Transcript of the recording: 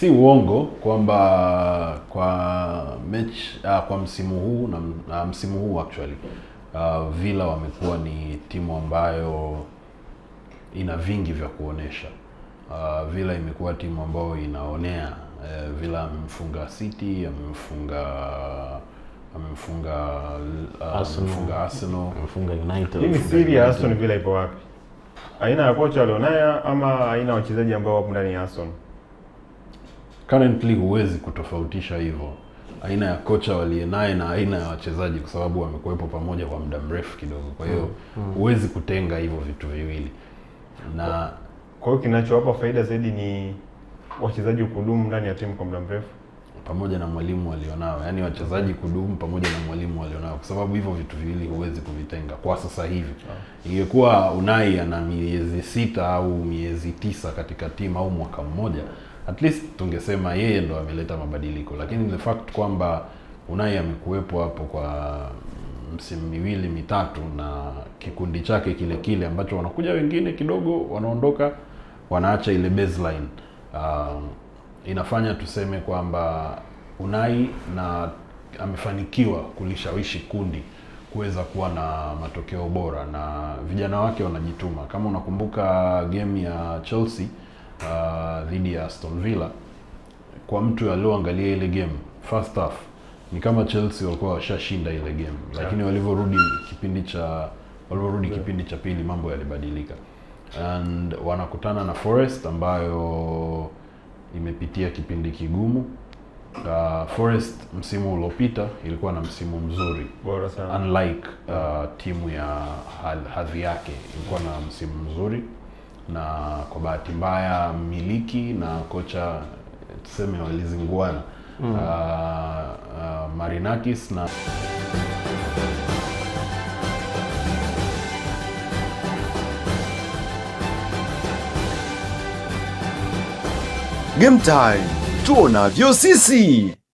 si uongo kwamba kwa mechi uh, ah, kwa msimu huu na na msimu huu actually uh, Villa wamekuwa ni timu ambayo ina vingi vya kuonesha. Uh, Villa imekuwa timu ambayo inaonea. Uh, Villa amemfunga City, amemfunga amemfunga uh, amemfunga Arsenal, amemfunga United. Mimi siri ya Aston Villa ipo wapi? Aina ya kocha alionaye ama aina ya wachezaji ambao wapo ndani ya Arsenal? currently huwezi kutofautisha hivyo aina ya kocha walienaye na aina ya wachezaji, kwa sababu wamekuwepo pamoja kwa muda mrefu kidogo. Kwa hiyo mm, mm. huwezi kutenga hivyo vitu viwili, na kwa hiyo kinachowapa faida zaidi ni wachezaji kudumu ndani ya timu kwa muda mrefu pamoja na mwalimu walionao, yaani wachezaji kudumu pamoja na mwalimu walionao, kwa sababu hivyo vitu viwili huwezi kuvitenga kwa sasa hivi. Ingekuwa Unai ana miezi sita au miezi tisa katika timu au mwaka mmoja at least tungesema yeye ndo ameleta mabadiliko, lakini the fact kwamba Unai amekuwepo hapo kwa msimu miwili mitatu na kikundi chake kile kile ambacho wanakuja wengine kidogo wanaondoka, wanaacha ile baseline uh, inafanya tuseme kwamba Unai na amefanikiwa kulishawishi kundi kuweza kuwa na matokeo bora na vijana wake wanajituma. Kama unakumbuka game ya Chelsea Uh, dhidi uh, ya Aston Villa, kwa mtu alioangalia ile game first half ni kama Chelsea walikuwa washashinda ile game Lakini walivyorudi kipindi cha walivyorudi Kipindi cha pili mambo yalibadilika and wanakutana na Forest ambayo imepitia kipindi kigumu. Uh, Forest msimu uliopita ilikuwa na msimu mzuri unlike uh, timu ya hadhi yake ilikuwa na msimu mzuri na kwa bahati mbaya mmiliki na kocha tuseme walizinguana mm. uh, uh, Marinakis na Game time tuonavyo sisi.